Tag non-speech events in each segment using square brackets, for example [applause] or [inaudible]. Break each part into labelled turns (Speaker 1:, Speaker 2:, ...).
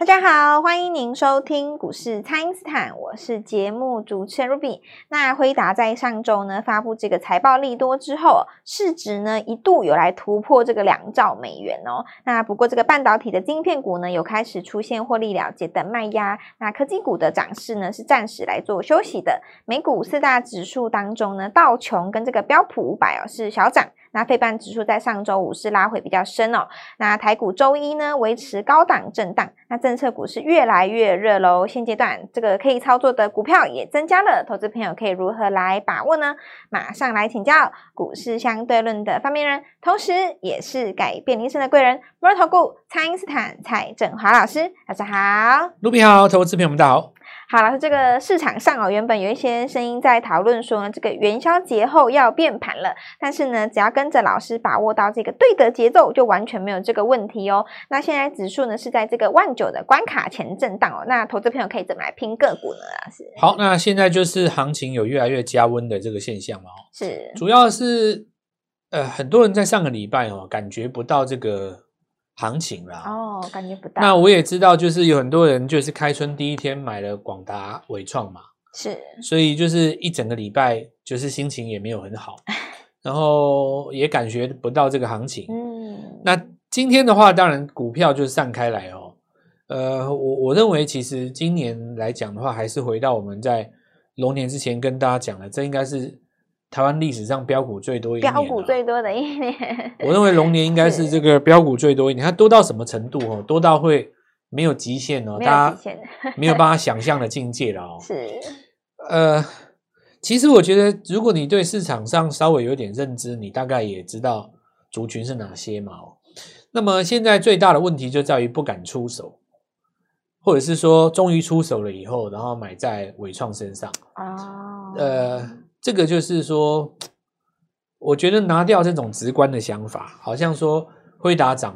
Speaker 1: 大家好，歡迎您收聽股市蔡因斯坦，我是節目主持人 Ruby。那輝達在上周呢發佈這個財報利多之後，市值呢一度有來突破這個兩兆美元哦。那不過這個半導體的晶片股呢有開始出現獲利了結的賣壓，那科技股的漲勢呢是暫時來做休息的。美股四大指數當中呢，道瓊跟這個標普五百哦是小漲。那費半指數在上周五是拉回比較深哦。那台股周一呢，維持高檔震盪。那政策股是越來越熱嘍。現階段這個可以操作的股票也增加了，投資朋友可以如何來把握呢？馬上來請教股市相對論的發明人，同時也是改變人生的貴人——摩爾投顧、蔡因斯坦蔡正華老師。大家好
Speaker 2: ，Ruby 好，投資朋友們大家好。
Speaker 1: 好，老師這個市場上哦，原本有一些聲音在討論說呢，這個元宵節後要變盤了，但是呢，只要跟着老師把握到這個對的節奏，就完全沒有這個問題哦。那現在指數呢是在這個萬九的關卡前震盪哦，那投資朋友可以怎麼來拼個股呢？老
Speaker 2: 師好，那現在就是行情有越來越加溫的這個現象哦，是，主要是呃，很多人在上個禮拜哦，感覺不到這個。行情啦，哦，
Speaker 1: 感覺不大。那我
Speaker 2: 也知道，就是有很多人就是開春第一天買了廣達、緯創嘛，是，所以就是一整個禮拜就是心情也沒有很好， [laughs] 然後也感覺不到這個行情。嗯，那今天的話，當然股票就散開來哦。呃，我我認為其實今年來講的話，還是回到我們在龍年之前跟大家講的，這應該是。台灣歷史上飆股最多，喔、飆股
Speaker 1: 最多的一年。我認為
Speaker 2: 龍年應該是這個飆股最多一年，它多到什麼程度哦、喔，多到會沒有極限哦、喔，大
Speaker 1: 家沒有辦
Speaker 2: 法想象的境界了哦、喔。
Speaker 1: 是，
Speaker 2: 呃，其實我覺得，如果你對市場上稍微有點認知，你大概也知道族群是哪些嘛哦、喔。那麼現在最大的問題就在於不敢出手，或者是說終於出手了以後，然後買在偉創身上啊、哦，呃。這個就是說，我覺得拿掉這種直觀的想法，好像說輝達漲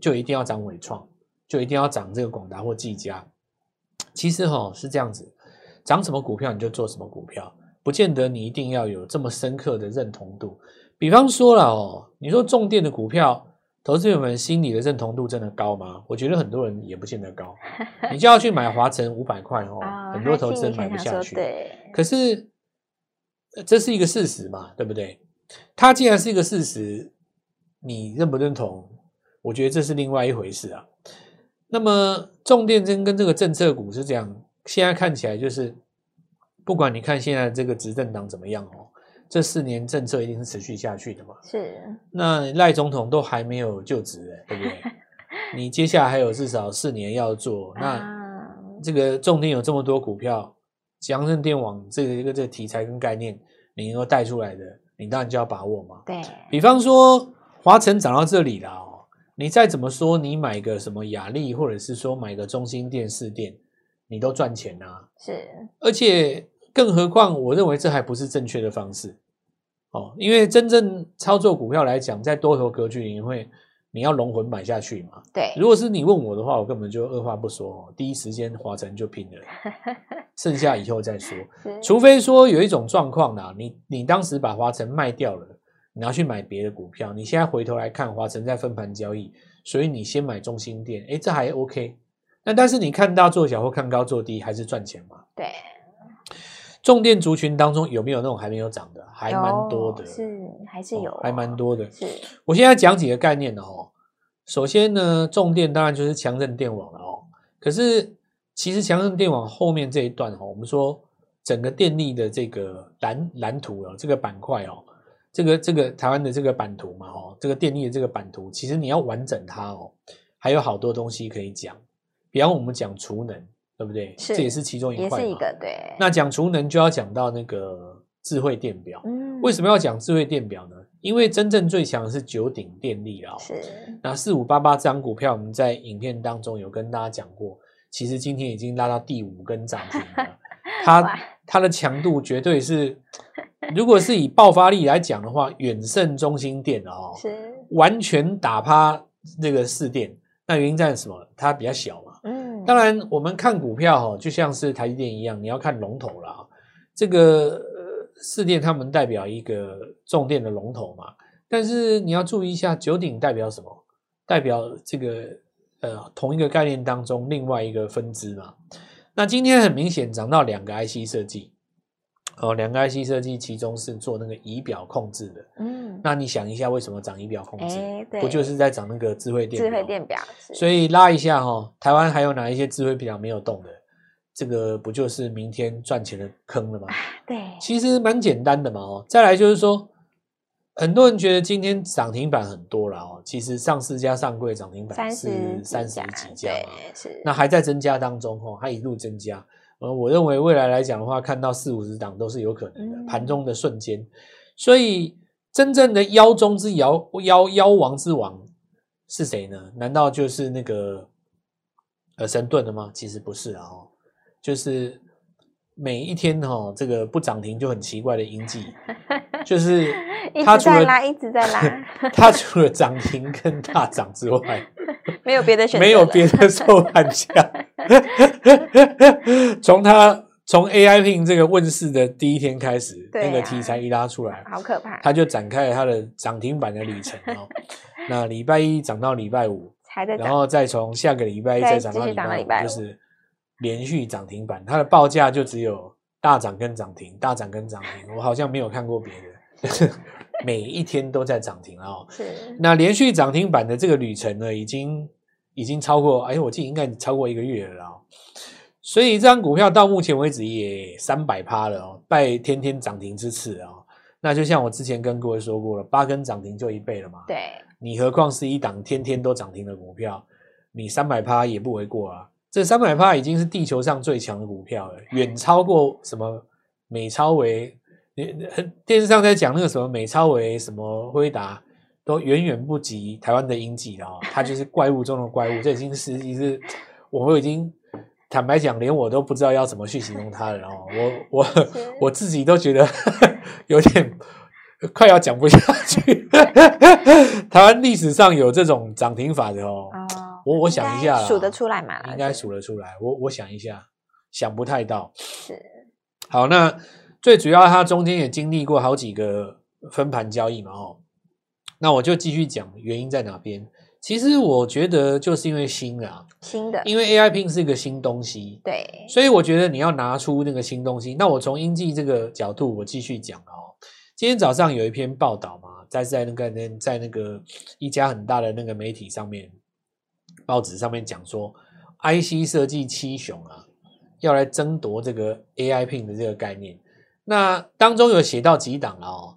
Speaker 2: 就一定要漲，緯創就一定要漲，這個廣達或技嘉，其實吼、哦、是這樣子，漲什麼股票你就做什麼股票，不見得你一定要有這麼深刻的認同度。比方說了哦，你說重電的股票，投資者們心裡的認同度真的高嗎？我覺得很多人也不見得高。你就要去買華城五百塊哦， [laughs] 哦，很多投資人買不下去。對，可是。這是一個事實嘛，對不對？它既然是一個事實，你認不認同？我覺得這是另外一回事啊。那麼，重點針跟這個政策股是樣現在看起來就是，不管你看現在這個執政黨怎麼樣哦，這四年政策一定是持續下去的嘛。是。那賴總統都還沒有就職，欸，對不對？ [laughs] 你接下來還有至少四年要做，那這個重點有這麼多股票。強韌電網這個一、這個這個，題材跟概念，你能夠帶出來的，你當然就要把握嘛，對比方說，華城漲到這裡了哦，你再怎麼說，你買個什麼亞力，或者是說買個中興電、士電，你都賺錢吶、啊。
Speaker 1: 是，
Speaker 2: 而且更何況，我認為這還不是正確的方式哦，因為真正操作股票來講，在多頭格局裡面會。你要龍魂買下去嘛？對，如果是你問我的話，我根本就二話不說，第一時間華城就拼了，剩下以後再說。 [laughs] 除非說有一種狀況啦，你你當時把華城賣掉了，你拿去買別的股票，你現在回頭來看華城在分盤交易，所以你先買中興電，哎、欸，這還 OK。但是你看大做小或看高做低，還是賺錢嘛？對。重電族群當中有沒有那種還沒有漲的？還蠻多的，
Speaker 1: 是還是有、啊哦，還
Speaker 2: 蠻多的。是，我現在講幾個概念的哦。首先呢，重電當然就是強韌電網了哦。可是其實強韌電網後面這一段哈、哦，我們說整個電力的這個藍藍圖哦，這個板塊哦，這個這個台灣的這個版圖嘛哦，這個電力的這個版圖，其實你要完整它哦，還有好多東西可以講。比方我們講儲能。對不對？這也是其中一塊，也是一
Speaker 1: 個對。那
Speaker 2: 講儲能就要講到那個智慧電表。嗯。為什麼要講智慧電表呢？因為真正最強的是九鼎電力啊、哦。是。那四五八八這張股票，我們在影片當中有跟大家講過，其實今天已經拉到第五根漲停了。它 [laughs] 它的強度絕對是，如果是以爆發力來講的話，遠勝中興電、哦、是。完全打趴那個士電。那原因在什麼？它比較小。當然，我們看股票哈，就像是台積電一樣，你要看龍頭啦，這個呃，士電他們代表一個重電的龍頭嘛，但是你要注意一下，九鼎代表什麼？代表這個呃，同一個概念當中另外一個分支嘛。那今天很明顯漲到兩個 IC 設計。哦，兩個 IC 設計，其中是做那個儀表控制的。嗯，那你想一下，為什麼漲儀表控制？欸、不就是在漲那個智慧電表，智慧
Speaker 1: 電表？所
Speaker 2: 以拉一下哈、哦，台灣還有哪一些智慧表沒有動的？這個不就是明天賺錢的坑了嗎？啊、對，其實蠻簡單的嘛哦。再來就是說，很多人覺得今天漲停板很多了哦，其實上市加上櫃漲停板是，是三十幾家，對，那還在增加當中哦，它一路增加。呃，我認為未來來講的話，看到四五十檔都是有可能的，盤中的瞬間、嗯。所以，真正的妖中之妖，妖妖王之王是誰呢？難道就是那個呃神盾的嗎？其實不是啊，喔，就是每一天哈，喔，這個不漲停就很奇怪的英記， [laughs] 就是他除了一直在拉，一
Speaker 1: 直在拉。 [laughs] 他
Speaker 2: 除了漲停跟大漲之外， [laughs] 沒有別的選擇，沒有別的收盤價。呵呵呵呵呵從他從 AI PIN 這個問世的第一天開始、啊，那個題材一拉出來，好可怕，他就展開了他的漲停板的旅程哦。 [laughs] 那禮拜一漲到禮拜五，還在，然後再從下個禮拜一再漲到禮拜，拜五，就是連續漲停板，它的報價就只有大漲跟漲停，大漲跟漲停，我好像沒有看過別的， [laughs] [laughs] 每一天都在漲停啊、哦。是，那連續漲停板的這個旅程呢，已經。已經超過，哎，我記得應該超過一個月了哦。所以這張股票到目前為止也三百趴了哦，拜天天漲停之賜哦。那就像我之前跟各位說過了，八根漲停就一倍了嘛。對，你何況是一檔天天都漲停的股票，你三百趴也不為過啊。這三百趴已經是地球上最強的股票了，遠超過什麼美超微。你很電視上在講那個什麼美超微什麼輝達。都遠遠不及台灣的英記了哦，它就是怪物中的怪物，這已經實際是，我們已經坦白講，連我都不知道要怎麼去形容它了哦，我我我自己都覺得有點快要講不下去。 [laughs] 台灣歷史上有這種漲停法的哦，哦我我想一下、哦，數
Speaker 1: 得出來嘛？應該
Speaker 2: 數得出來，我我想一下，想不太到。是好，那最主要它中間也經歷過好幾個分盤交易嘛，哦。那我就繼續講原因在哪邊。其實我覺得就是因為新啊，
Speaker 1: 新的，因為
Speaker 2: AI Pin 是一個新東西，對。所以我覺得你要拿出那個新東西。那我從英記這個角度，我繼續講哦、喔。今天早上有一篇報道嘛，在在那個在那個一家很大的那個媒體上面報紙上面講說，IC 設計七雄啊要來爭奪這個 AI Pin 的這個概念。那當中有寫到幾檔了哦。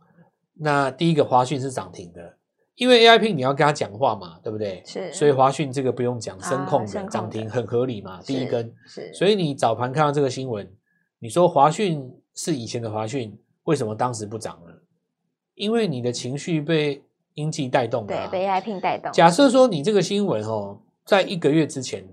Speaker 2: 那第一個華訊是漲停的，因為 AI Pin 你要跟他講話嘛，對不對？是，所以華訊這個不用講聲控的漲、啊、停很合理嘛，第一根是。所以你早盤看到這個新聞，你說華訊是以前的華訊，為什麼當時不漲了？因為你的情緒被陰氣帶動的、啊，對，
Speaker 1: 被 AI Pin 帶動。假設說你
Speaker 2: 這個新聞哦，在一個月之前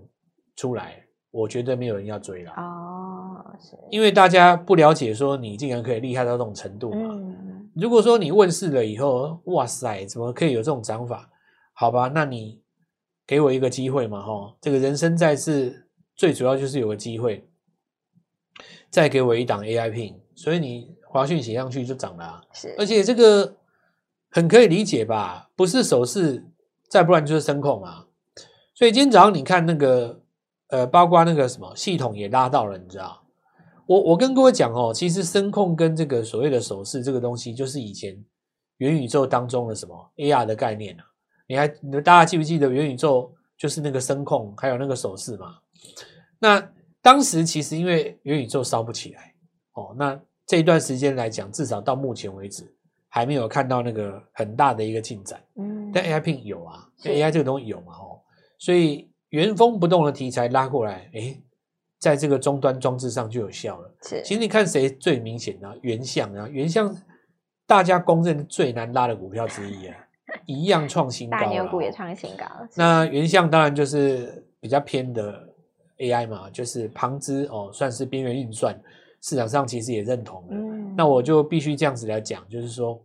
Speaker 2: 出來，我覺得沒有人要追了哦，是，因為大家不了解說你竟然可以厲害到這種程度嘛。嗯如果說你問世了以後，哇塞，怎麼可以有這種漲法？好吧，那你給我一個機會嘛，哈，這個人生在世，最主要就是有個機會，再給我一檔 AI PIN，所以你華訊寫上去就漲了，是，而且這個很可以理解吧？不是手勢，再不然就是聲控啊。所以今天早上你看那個，呃，包括那個什麼系統也拉到了，你知道。我我跟各位講哦，其實聲控跟這個所謂的手勢這個東西，就是以前元宇宙當中的什麼 AR 的概念呢、啊？你還你大家記不記得元宇宙就是那個聲控還有那個手勢嘛？那當時其實因為元宇宙燒不起來哦，那這一段時間來講，至少到目前為止還沒有看到那個很大的一個進展。嗯，但 AI Pin 有啊，AI 這個東西有嘛？哦，所以原封不動的題材拉過來，誒在這個終端裝置上就有效了。其實你看誰最明顯呢、啊？原相啊，原相大家公認最難拉的股票之一啊，一樣創新高，大牛
Speaker 1: 股也創新高。
Speaker 2: 那原相當然就是比較偏的 AI 嘛，就是旁支哦，算是邊緣運算。市場上其實也認同的。那我就必須這樣子來講，就是說，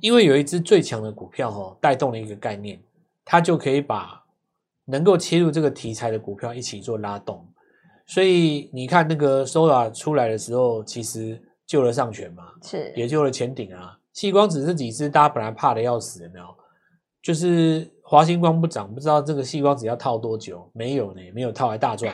Speaker 2: 因為有一支最強的股票哦，帶動了一個概念，它就可以把。能夠切入這個題材的股票一起做拉動，所以你看那個 Sora 出來的時候，其實救了上詮嘛，是也救了前頂啊。矽光子這幾隻大家本來怕得要死，有沒有？就是華星光不漲，不知道這個矽光子要套多久，沒有呢，沒有套來大賺，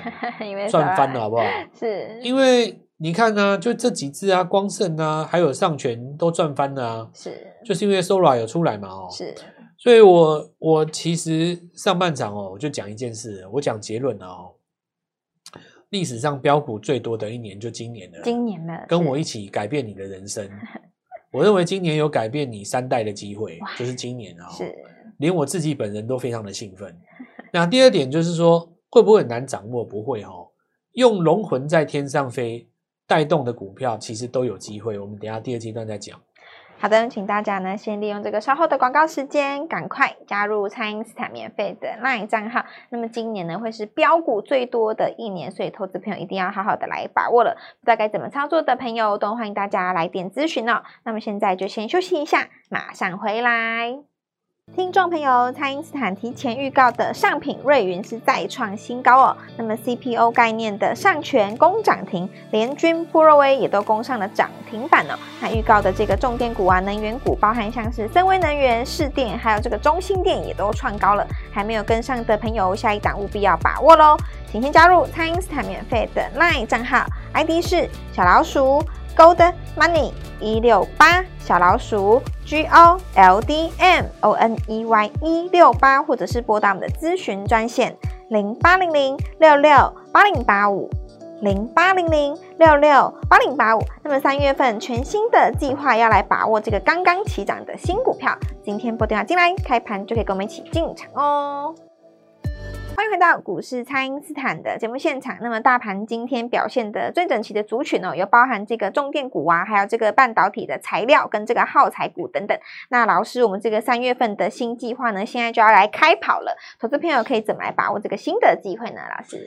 Speaker 1: 賺 [laughs] 翻了好不好？是，因為
Speaker 2: 你看呢、啊，就這幾隻啊，光盛啊，還有上詮都賺翻了啊，是，就是因為 Sora 有出來嘛，哦，是。所以我，我我其實上半場哦，我就講一件事，我講結論哦。歷史上飆股最多的一年就今年了，
Speaker 1: 今年跟
Speaker 2: 我一起改變你的人生。我認為今年有改變你三代的機會，就是今年啊、哦。是，連我自己本人都非常的興奮。那第二點就是說，會不會很難掌握？不會哦。用龍魂在天上飛帶動的股票，其實都有機會。我們等一下第二階段再講。
Speaker 1: 好的，請大家呢先利用這個稍後的廣告時間，趕快加入蔡因斯坦免費的 LINE 賬號。那麼今年呢會是飆股最多的一年，所以投資朋友一定要好好的來把握了。不知道該怎麼操作的朋友，都歡迎大家來電諮詢哦。那麼現在就先休息一下，馬上回來。聽眾朋友，蔡因斯坦提前預告的上品瑞云是再創新高哦。那麼 CPO 概念的上詮攻漲停，聯鈞、波若威也都攻上了漲停板哦。那預告的這個重點股啊，能源股包含像是森崴能源、士電，還有這個中興電也都創高了。還沒有跟上的朋友，下一檔務必要把握嘍。請先加入蔡因斯坦免費的 LINE 賬號，ID 是小老鼠。Gold Money 一六八小老鼠 G O L D M O N E Y 一六八，或者是撥打我們的諮詢專線零八零零六六八零八五零八零零六六八零八五。0800668085, 0800668085, 那麼三月份全新的計劃要來把握這個剛剛起漲的新股票，今天撥電話進來，開盤就可以跟我們一起進場哦。歡迎回到股市蔡因斯坦的節目現場。那麼，大盤今天表現的最整齊的族群呢、哦，有包含這個重電股啊，還有這個半導體的材料跟這個耗材股等等。那老師，我們這個三月份的新計劃呢，現在就要來開跑了。投資朋友可以怎麼來把握這個新的機會呢？老師？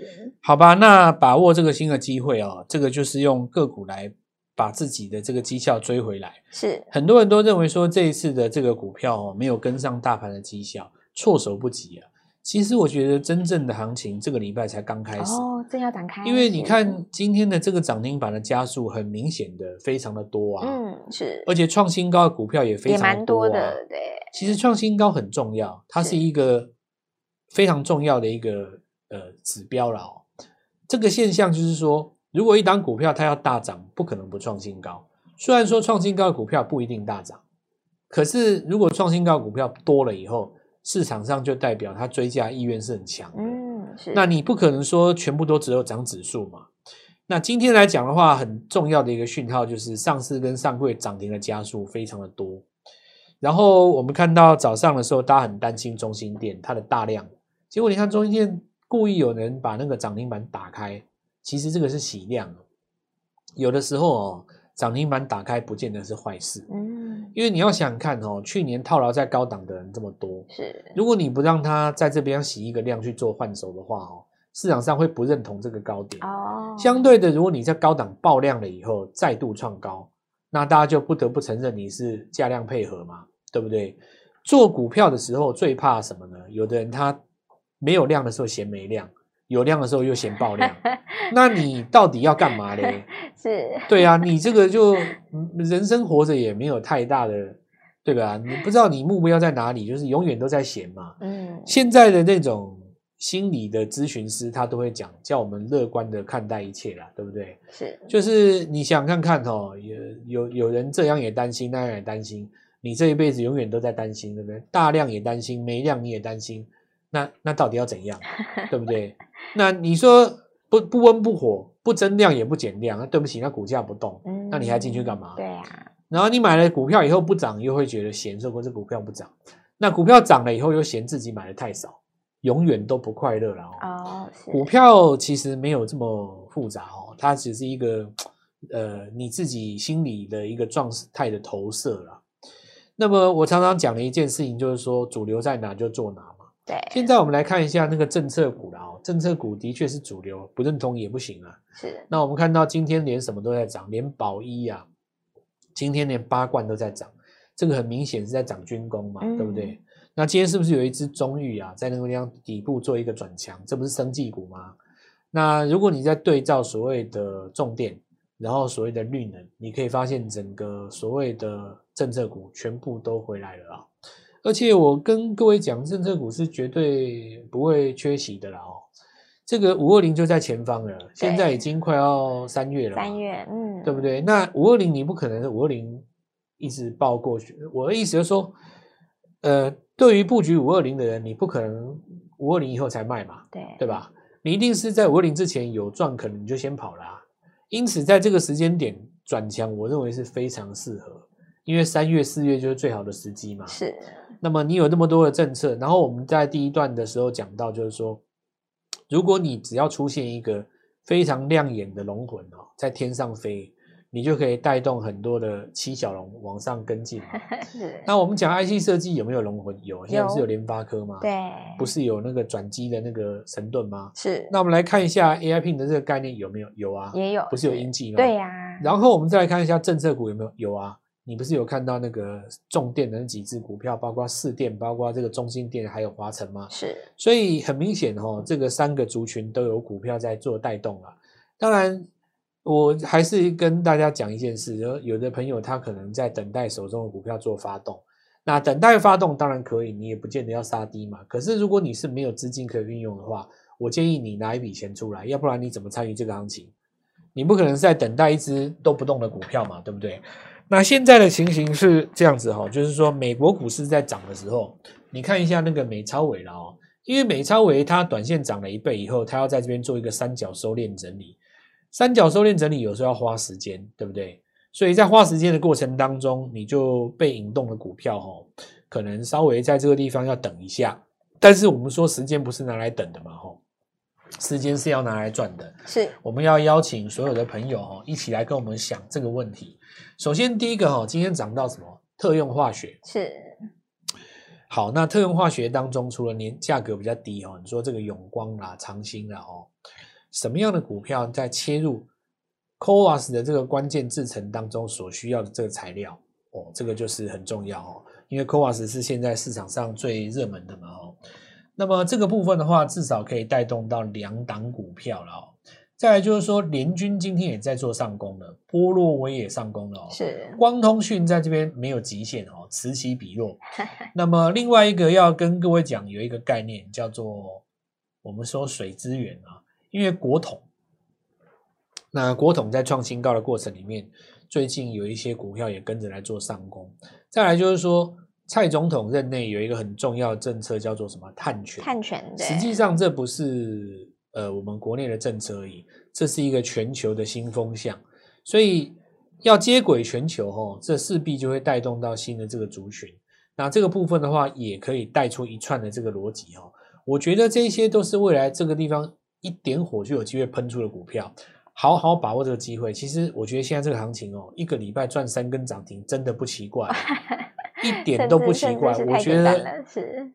Speaker 2: 好吧，那把握這個新的機會哦，這個就是用個股來把自己的這個績效追回來。是，很多人都認為說這一次的這個股票哦，沒有跟上大盤的績效，措手不及啊。其實我覺得真正的行情這個禮拜才剛開始，哦，
Speaker 1: 正要展開。因為你看
Speaker 2: 今天的這個漲停板的加速，很明顯的，非常的多啊。嗯，是。而且創新高的股票也非常多的，
Speaker 1: 對。
Speaker 2: 其實創新高很重要，它是一個非常重要的一個呃指標了。這個現象就是說，如果一檔股票它要大漲，不可能不創新高。雖然說創新高的股票不一定大漲，可是如果創新高的股票多了以後市場上就代表他追價意願是很強嗯，是。那你不可能說全部都只有漲指數嘛？那今天來講的話，很重要的一個訊號就是上市跟上櫃漲停的家數非常的多。然後我們看到早上的時候，大家很擔心中興電它的大量，結果你看中興電故意有人把那個漲停板打開，其實這個是洗量。有的時候哦。漲停板打開不見得是壞事，嗯，因為你要想看哦，去年套牢在高檔的人這麼多，是，如果你不讓他，在這邊洗一個量去做換手的話，哦，市場上會不認同這個高點哦。相對的，如果你在高檔爆量了以後再度創高，那大家就不得不承認你是價量配合嘛，對不對？做股票的時候最怕什麼呢？有的人他沒有量的時候嫌沒量。有量的時候又嫌爆量，那你到底要幹嘛嘞？ [laughs] 是，對啊，你這個就人生活着也沒有太大的，對吧？你不知道你目標在哪裡，就是永遠都在嫌嘛。嗯，現在的那種心理的諮詢師，他都會講叫我們樂觀的看待一切啦，對不對？是，就是你想看看哦、喔，有有有人這樣也擔心，那樣也擔心，你這一輩子永遠都在擔心，對不對？大量也擔心，沒量你也擔心，那那到底要怎樣， [laughs] 對不對？那你說不不溫不火，不增量也不減量，那、啊、對不起，那股價不動，那你還進去幹嘛？嗯、對呀、啊。然後你買了股票以後不漲，又會覺得嫌說過這股票不漲。那股票漲了以後又嫌自己買的太少，永遠都不快樂了哦，
Speaker 1: 哦。股
Speaker 2: 票其實沒有這麼複雜哦，它只是一個呃你自己心裡的一個狀態的投射啦。那麼我常常講的一件事情就是說，主流在哪就做哪。對，現在我們來看一下那個政策股了哦。政策股的確是主流，不認同也不行啊。是。那我們看到今天連什麼都在漲，連寶一啊，今天連八冠都在漲，這個很明顯是在漲軍工嘛，嗯、對不對？那今天是不是有一只中裕啊，在那個地方底部做一個轉強？這不是生技股嗎？那如果你在對照所謂的重電，然後所謂的綠能，你可以發現整個所謂的政策股全部都回來了啊、哦。而且我跟各位講，政策股是絕對不會缺席的啦、喔！哦，這個五二零就在前方了，現在已經快要三月了。三月，
Speaker 1: 嗯，對
Speaker 2: 不對？那五二零你不可能是五二零一直抱過去。我的意思就是說，呃，對於佈局五二零的人，你不可能五二零以後才賣嘛，對對吧？你一定是在五二零之前有賺，可能你就先跑啦、啊。因此，在這個時間點轉強，我認為是非常適合。因為三月四月就是最好的時機嘛。是。那麼你有那麼多的政策，然後我們在第一段的時候講到，就是說，如果你只要出現一個非常亮眼的龍魂哦，在天上飛，你就可以帶動很多的七小龍往上跟進嘛。
Speaker 1: 是。那
Speaker 2: 我們講 IC 設計有沒有龍魂？有，現在不是有聯發科嗎？對。不是有那個轉機的那個神盾嗎？是。那我們來看一下 AI Pin 的這個概念有沒有？有啊。也有。不是有英集嗎？對呀、啊。然後我們再來看一下政策股有沒有？有啊。你不是有看到那個重電的那幾隻股票，包括市電，包括這個中心電，還有華城嗎？是，所以很明顯吼、哦、這個三個族群都有股票在做帶動了、啊。當然，我還是跟大家講一件事，有有的朋友他可能在等待手中的股票做發動，那等待發動當然可以，你也不見得要殺低嘛。可是如果你是沒有資金可以運用的話，我建議你拿一筆錢出來，要不然你怎麼參與這個行情？你不可能是在等待一隻都不動的股票嘛，對不對？那現在的情形是這樣子哈，就是說美國股市在漲的時候，你看一下那個美超尾微了哦，因為美超微它短線漲了一倍以後，它要在這邊做一個三角收斂整理，三角收斂整理有時候要花時間，對不對？所以在花時間的過程當中，你就被引動的股票哈，可能稍微在這個地方要等一下，但是我們說時間不是拿來等的嘛，哈，時間是要拿來賺的，是我們要邀請所有的朋友哈，一起來跟我們想這個問題。首先，第一個哈，今天講到什麼？特用化學是好。那特用化學當中，除了年價格比較低哦，你說這個永光啦、長興啦哦，什麼樣的股票在切入科 a s 的這個關鍵制成當中所需要的這個材料哦，這個就是很重要哦，因為科 a s 是現在市場上最熱門的嘛哦。那麼這個部分的話，至少可以帶動到兩檔股票了再來就是說，聯軍今天也在做上攻了，波若威也上攻了哦。是光通訊在這邊沒有極限哦，此起彼落。 [laughs] 那麼另外一個要跟各位講，有一個概念叫做我們說水資源啊，因為國統，那國統在創新高的過程裡面，最近有一些股票也跟着來做上攻。再來就是說，蔡總統任內有一個很重要的政策叫做什麼？碳權？碳權對。實際上這不是。呃，我們國內的政策而已，這是一個全球的新風向，所以要接軌全球吼，這勢必就會帶動到新的這個族群。那這個部分的話，也可以帶出一串的這個邏輯哦。我覺得這些都是未來這個地方一點火就有機會噴出的股票，好好把握這個機會。其實我覺得現在這個行情哦，一個禮拜賺三根漲停真的不奇怪， [laughs] 一點都不奇怪。我覺得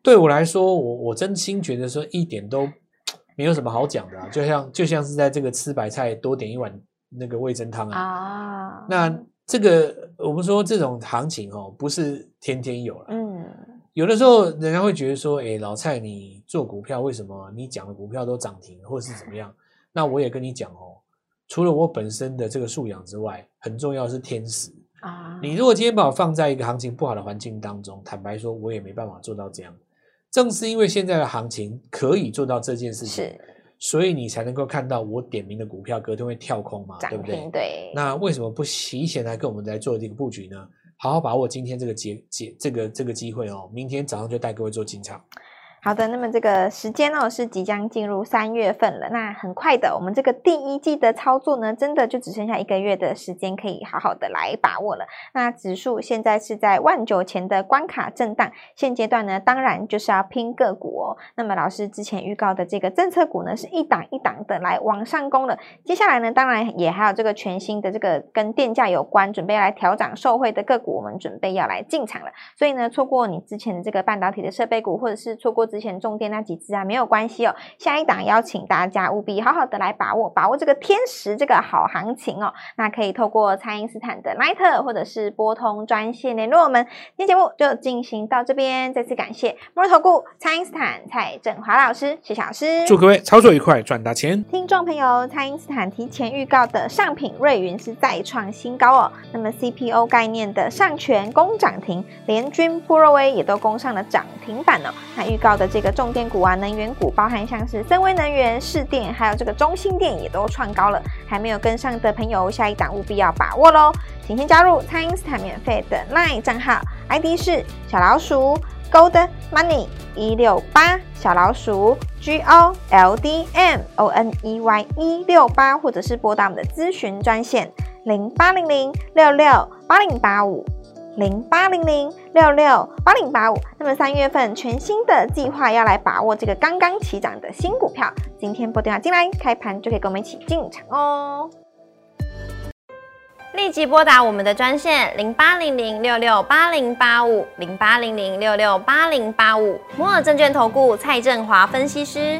Speaker 2: 對我來說，我我真心覺得說一點都。沒有什麼好講的、啊，就像就像是在這個吃白菜，多點一碗那個味噌湯啊，啊。那這個我們說這種行情哦，不是天天有了、啊。嗯，有的時候人家會覺得說，哎、欸，老蔡你做股票為什麼你講的股票都漲停或是怎麼樣、嗯？那我也跟你講哦，除了我本身的這個素養之外，很重要的是天時啊。你如果今天把我放在一個行情不好的環境當中，坦白說，我也沒辦法做到這樣。正是因為現在的行情可以做到這件事情，是，所以你才能夠看到我點名的股票隔天會跳空嘛，對不對？對。那為什麼不提前來跟我們來做這個布局呢？好好把握今天這個節節，這個這個機會哦，明天早上就帶各位做進場。
Speaker 1: 好的，那麼這個時間呢、哦、是即將進入三月份了，那很快的，我們這個第一季的操作呢，真的就只剩下一個月的時間可以好好的來把握了。那指數現在是在萬九前的關卡震盪，現階段呢，當然就是要拼個股哦。那麼老師之前預告的這個政策股呢，是一檔一檔的來往上攻了。接下來呢，當然也還有這個全新的這個跟電價有關，準備要來調漲受惠的個股，我們準備要來進場了。所以呢，錯過你之前的這個半導體的設備股，或者是錯過。之前中跌那幾支啊，沒有關係哦。下一檔邀請大家務必好好的來把握，把握這個天時這個好行情哦。那可以透過蔡因斯坦的 Line 或者是撥通專線聯絡我們。今天節目就進行到這邊，再次感謝摩爾投顧蔡因斯坦蔡正華老師謝,謝老師，祝各位
Speaker 2: 操作愉快，賺大錢！
Speaker 1: 聽眾朋友，蔡因斯坦提前預告的上品瑞雲是再創新高哦。那麼 CPO 概念的上詮攻漲停，聯鈞、波若威也都攻上了漲停板哦。那預告。的這個重電股啊，能源股包含像是森崴能源、士電，還有這個中興電也都創高了，還沒有跟上的朋友，下一檔務必要把握嘍，請先加入蔡因斯坦免費的 LINE 賬號，ID 是小老鼠 Gold Money 一六八，小老鼠 G O L D M O N E Y 一六八，或者是撥打我們的諮詢專線零八零零六六八零八五。零八零零六六八零八五，那麼三月份全新的計劃要來把握這個剛剛起漲的新股票，今天撥電話進來開盤就可以跟我們一起進場哦。立即撥打我們的專線零八零零六六八零八五零八零零六六八零八五，8085, 8085, 摩爾證券投顧蔡正華分析師。